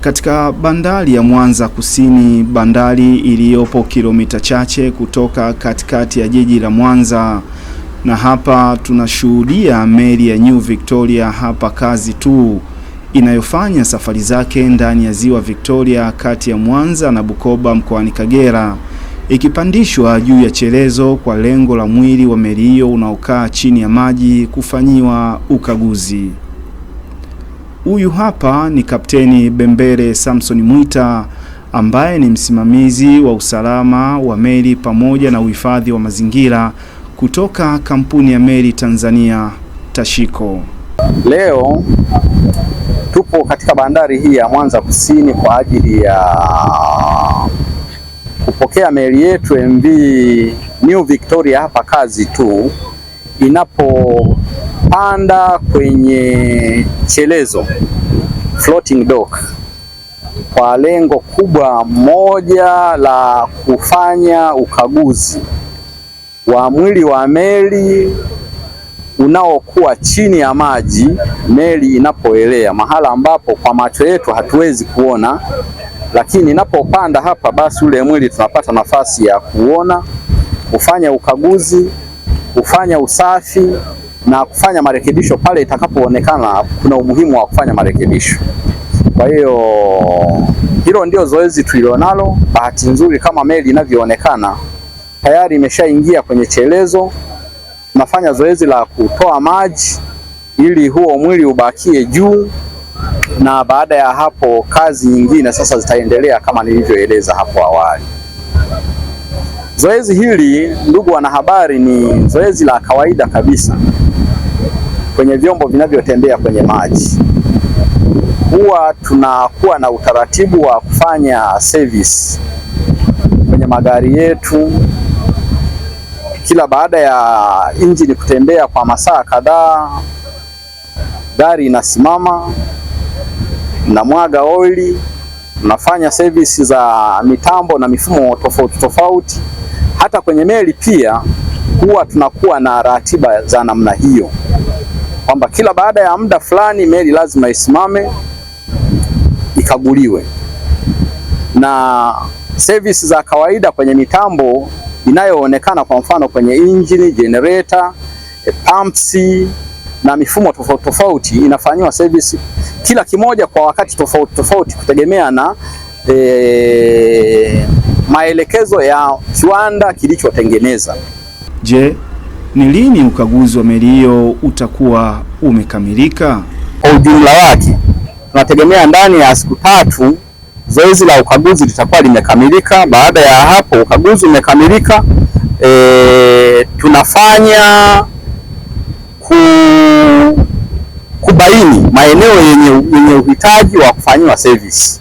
Katika bandari ya Mwanza Kusini, bandari iliyopo kilomita chache kutoka katikati ya jiji la Mwanza, na hapa tunashuhudia meli ya New Victoria hapa kazi tu inayofanya safari zake ndani ya ziwa Victoria kati ya Mwanza na Bukoba mkoani Kagera ikipandishwa juu ya chelezo kwa lengo la mwili wa meli hiyo unaokaa chini ya maji kufanyiwa ukaguzi. Huyu hapa ni Kapteni bembere Samson Mwita ambaye ni msimamizi wa usalama wa meli pamoja na uhifadhi wa mazingira kutoka kampuni ya meli Tanzania Tashiko. Leo tupo katika bandari hii ya Mwanza Kusini kwa ajili ya kupokea meli yetu MV New Victoria hapa kazi tu inapo kupanda kwenye chelezo floating dock kwa lengo kubwa moja la kufanya ukaguzi wa mwili wa meli unaokuwa chini ya maji meli inapoelea, mahala ambapo kwa macho yetu hatuwezi kuona, lakini inapopanda hapa, basi ule mwili tunapata nafasi ya kuona, kufanya ukaguzi, kufanya usafi na kufanya marekebisho pale itakapoonekana kuna umuhimu wa kufanya marekebisho. Kwa hiyo hilo ndio zoezi tulilonalo. Bahati nzuri kama meli inavyoonekana tayari imeshaingia kwenye chelezo, nafanya zoezi la kutoa maji ili huo mwili ubakie juu, na baada ya hapo kazi nyingine sasa zitaendelea kama nilivyoeleza hapo awali. Zoezi hili ndugu wanahabari, ni zoezi la kawaida kabisa kwenye vyombo vinavyotembea kwenye maji huwa tunakuwa na utaratibu wa kufanya service kwenye magari yetu kila baada ya injini kutembea kwa masaa kadhaa, gari inasimama, namwaga oili, nafanya service za mitambo na mifumo tofauti tofauti. Hata kwenye meli pia huwa tunakuwa na ratiba za namna hiyo kwamba kila baada ya muda fulani meli lazima isimame ikaguliwe, na service za kawaida kwenye mitambo inayoonekana, kwa mfano kwenye injini, generator, eh, pumps na mifumo tofauti tofauti inafanyiwa service kila kimoja kwa wakati tofauti tofauti kutegemea na e, maelekezo ya kiwanda kilichotengeneza. Je, ni lini ukaguzi wa meli hiyo utakuwa umekamilika? Kwa ujumla wake, tunategemea ndani ya siku tatu zoezi la ukaguzi litakuwa limekamilika. Baada ya hapo ukaguzi umekamilika, e, tunafanya ku, kubaini maeneo yenye uhitaji wa kufanyiwa service.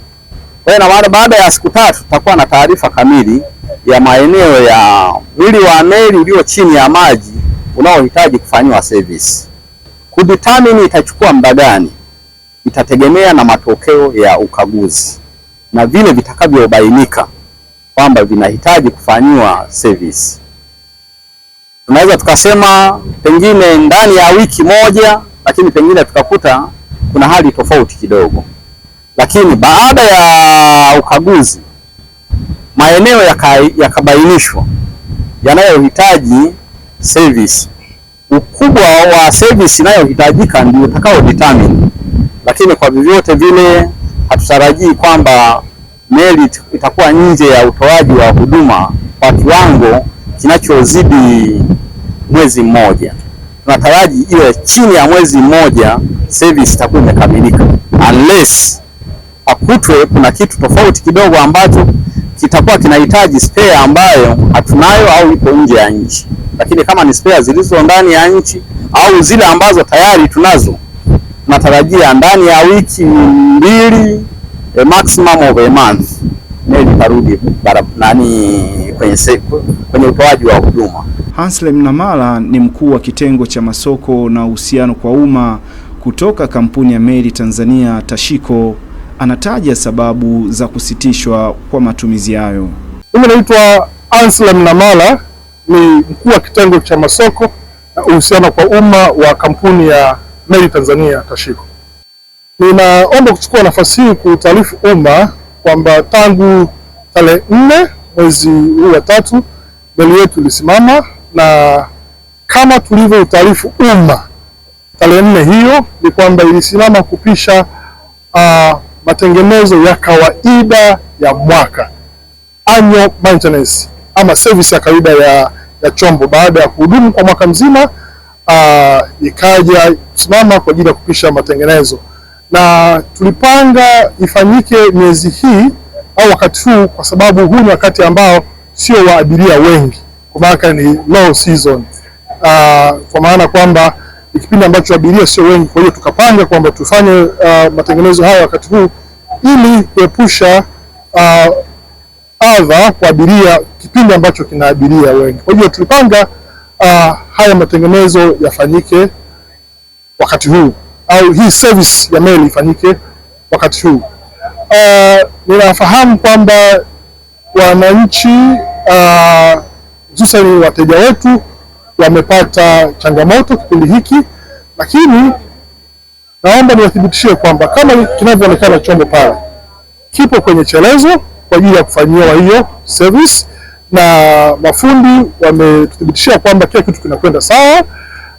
Kwa hiyo na baada ya siku tatu tutakuwa na taarifa kamili ya maeneo ya mwili wa meli ulio chini ya maji unaohitaji kufanyiwa service. Kudetermine itachukua muda gani itategemea na matokeo ya ukaguzi na vile vitakavyobainika kwamba vinahitaji kufanyiwa service. Tunaweza tukasema pengine ndani ya wiki moja, lakini pengine tukakuta kuna hali tofauti kidogo. Lakini baada ya ukaguzi maeneo yakabainishwa yanayohitaji service. Ukubwa wa service inayohitajika ndio utakao determine, lakini kwa vyovyote vile hatutarajii kwamba meli itakuwa nje ya utoaji wa huduma kwa kiwango kinachozidi mwezi mmoja. Tunataraji iwe chini ya mwezi mmoja service itakuwa imekamilika, unless pakutwe kuna kitu tofauti kidogo ambacho kitakuwa kinahitaji spare ambayo hatunayo au ipo nje ya nchi lakini kama ni spare zilizo ndani ya nchi au zile ambazo tayari tunazo, natarajia ndani ya wiki mbili, a eh, maximum of a month meli tarudi nani kwenye, kwenye utoaji wa huduma. Hanslem Namala ni mkuu wa kitengo cha masoko na uhusiano kwa umma kutoka kampuni ya meli Tanzania Tashiko anataja sababu za kusitishwa kwa matumizi hayo. Mimi naitwa Anselm Namala, ni mkuu wa kitengo cha masoko na uhusiano kwa umma wa kampuni ya meli Tanzania Tashiko. Ninaomba kuchukua nafasi hii kuutaarifu umma kwamba tangu tarehe nne mwezi huu wa tatu meli yetu ilisimama, na kama tulivyo utaarifu umma tarehe nne hiyo ni kwamba ilisimama kupisha uh, matengenezo ya kawaida ya mwaka annual maintenance ama service ya kawaida ya ya chombo baada ya kuhudumu kwa mwaka mzima, ah, ikaja simama kwa ajili ya kupisha matengenezo, na tulipanga ifanyike miezi hii au wakati huu, kwa sababu huu ni wakati ambao sio wa abiria wengi, kwa maana ni low season. Uh, kwa maana kwamba ni kipindi ambacho abiria sio wengi, kwa hiyo tukapanga kwamba tufanye uh, matengenezo haya wakati huu ili kuepusha uh, adha kwa abiria kipindi ambacho kina abiria wengi. Kwa hiyo tulipanga uh, haya matengenezo yafanyike wakati huu au hii service ya meli ifanyike wakati huu. Uh, ninafahamu kwamba wananchi uh, ah, hususani wateja wetu wamepata changamoto kipindi hiki, lakini naomba niwathibitishie kwamba kama kinavyoonekana chombo pale kipo kwenye chelezo kwa ajili ya kufanyiwa hiyo service, na mafundi wametuthibitishia kwamba kila kitu kinakwenda sawa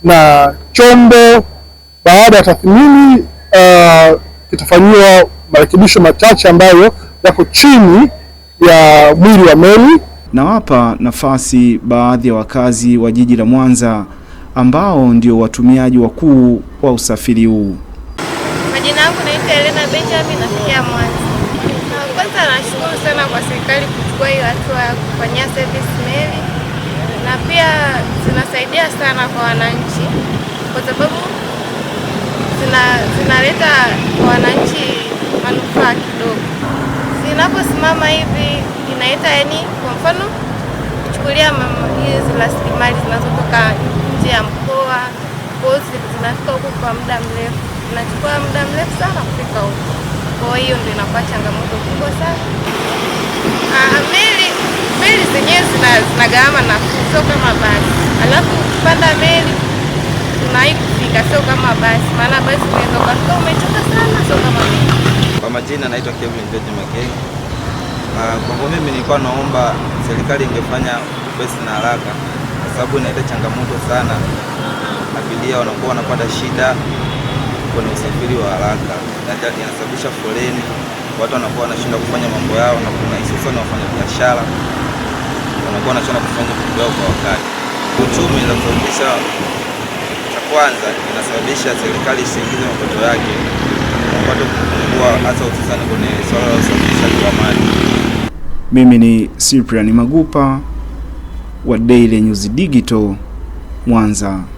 na chombo baada ya tathmini uh, kitafanyiwa marekebisho machache ambayo yako chini ya mwili wa meli. Nawapa nafasi baadhi ya wakazi wa jiji la Mwanza ambao ndio watumiaji wakuu wa usafiri huu. Majina yangu naitwa Elena Benjamin, nafikia Mwanza. Kwanza nashukuru sana kwa serikali kuchukua hiyo hatua ya kufanyia service meli, na pia zinasaidia sana kwa wananchi, kwa sababu zinaleta kwa wananchi manufaa kidogo. Zinaposimama hivi inaleta yani, kwa mfano kuchukulia hizi rasilimali zinazotoka nje ya mkoa, zinafika huku kwa muda mrefu, zinachukua muda mrefu sana kufika huko. Kwa hiyo ndio inakuwa changamoto kubwa sana. Ah, ah, meli meli zenyewe zina gharama nafuu, sio kama basi. Alafu kupanda meli unawahi kufika, sio kama basi, maana basi unaweza kuwa umechoka sana, sio kama meli. Kwa majina naitwa Kevin George Makeni. Ah, kwangu mimi nilikuwa naomba serikali ingefanya upesi na haraka, kwa sababu inaleta changamoto sana, abiria wanakuwa wanapata shida ambayo ni usafiri wa haraka, inasababisha foleni, watu wanakuwa wanashinda kufanya mambo yao, na kuna hususani wafanya biashara wanakuwa wanashinda kufanya vitu vyao kwa wakati. Uchumi inasababisha, cha kwanza inasababisha serikali isiingize mapato yake, mapato kupungua, hasa hususani kwenye swala la usafirishaji wa maji. Mimi ni Cyprian Magupa wa Daily News Digital Mwanza.